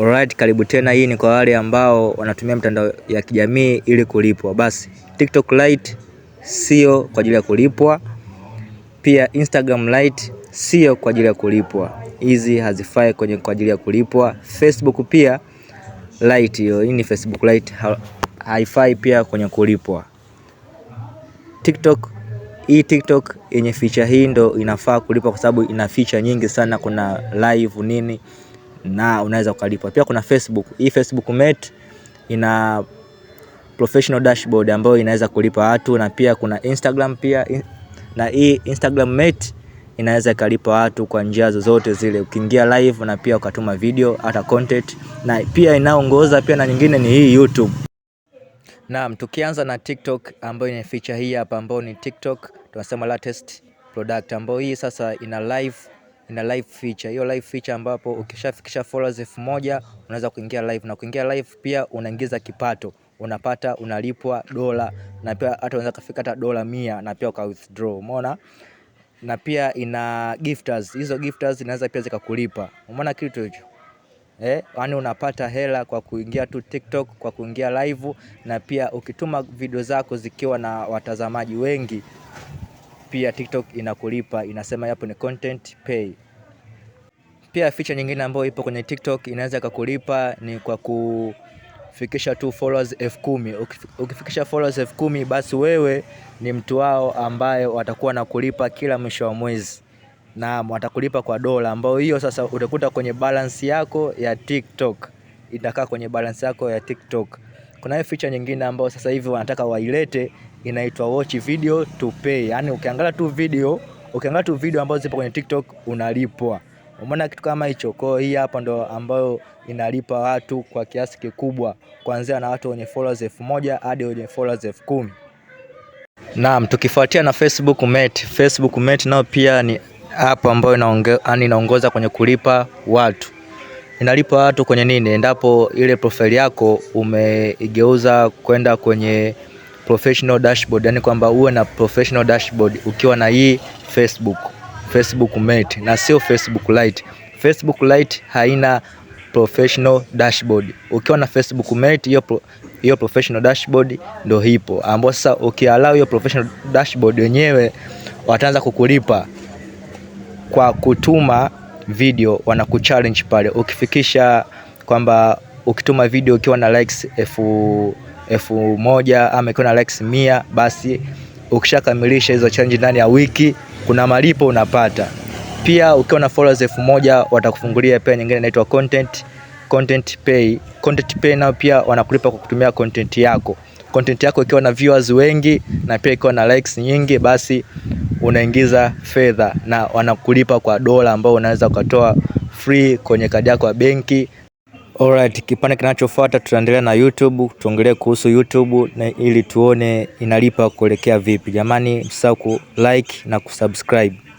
Alright, karibu tena. Hii ni kwa wale ambao wanatumia mitandao ya kijamii ili kulipwa. Basi TikTok Lite sio kwa ajili ya kulipwa, pia Instagram Lite sio kwa ajili ya kulipwa. Hizi hazifai kwenye kwa ajili ya kulipwa. Facebook pia Lite hiyo, hii ni Facebook Lite haifai pia kwenye kulipwa. TikTok hii TikTok yenye feature hii ndo inafaa kulipwa, kwa sababu ina feature nyingi sana, kuna live nini na unaweza ukalipwa. Pia kuna Facebook. Hii Facebook Mate ina professional dashboard ambayo inaweza kulipa watu, na pia kuna Instagram pia na hii Instagram Mate inaweza ikalipa watu kwa njia zozote zile, ukiingia live na pia ukatuma video hata content, na pia inaongoza pia na nyingine ni hii YouTube. Naam, tukianza na TikTok ambayo ina feature hii hapa ambayo ni TikTok tunasema latest product ambayo hii sasa ina live ina live feature. Hiyo live feature ambapo ukishafikisha followers elfu moja unaweza kuingia live, na kuingia live pia unaingiza kipato unapata unalipwa dola na pia hata unaweza kufika hata dola mia na pia uka withdraw, umeona. Na pia ina gifters, hizo gifters zinaweza pia zikakulipa, umeona kitu hicho eh? yani unapata hela kwa kuingia tu TikTok, kwa kuingia live, na pia ukituma video zako zikiwa na watazamaji wengi, pia TikTok inakulipa, inasema hapo ni content pay. Pia feature nyingine ambayo ipo kwenye TikTok inaweza kukulipa ni kwa kufikisha tu followers elfu kumi. Ukifikisha followers elfu kumi basi wewe ni mtu wao ambaye watakuwa na kulipa kila mwisho wa mwezi. Na watakulipa kwa dola ambayo hiyo sasa utakuta kwenye balance yako ya TikTok. Itakaa kwenye balance yako ya TikTok. Kuna hiyo feature nyingine ambayo sasa hivi wanataka wailete inaitwa watch video to pay. Yaani ukiangalia tu video, ukiangalia tu video ambazo zipo kwenye TikTok unalipwa. Umeona kitu kama hicho. Kwa hiyo hii hapa ndo ambayo inalipa watu kwa kiasi kikubwa, kuanzia na watu wenye followers elfu moja hadi wenye followers elfu kumi. Naam, tukifuatia na Facebook Mate. Facebook Mate nao pia ni app ambayo yaani inaongoza kwenye kulipa watu inalipa watu kwenye nini, endapo ile profile yako umeigeuza kwenda kwenye professional dashboard, yani kwamba uwe na professional dashboard ukiwa na hii Facebook. Facebook Mate na sio Facebook Lite. Facebook Lite haina professional dashboard. Ukiwa na Facebook Mate hiyo pro, hiyo professional dashboard ndo hipo, ambapo sasa ukialau hiyo professional dashboard wenyewe wataanza kukulipa kwa kutuma video, wanakuchallenge pale ukifikisha kwamba ukituma video ukiwa na likes elfu elfu moja ama ikiwa na likes mia, basi ukishakamilisha hizo challenge ndani ya wiki kuna malipo unapata. Pia ukiwa na followers elfu moja watakufungulia pia nyingine inaitwa content content pay. Content pay nao pia wanakulipa kwa kutumia content yako. Content yako ikiwa na viewers wengi na pia ikiwa na likes nyingi, basi unaingiza fedha na wanakulipa kwa dola ambao unaweza ukatoa free kwenye kadi yako ya benki. Alright, kipande kinachofuata tutaendelea na YouTube, tuongelee kuhusu YouTube na ili tuone inalipa kuelekea vipi. Jamani, msahau ku like na kusubscribe.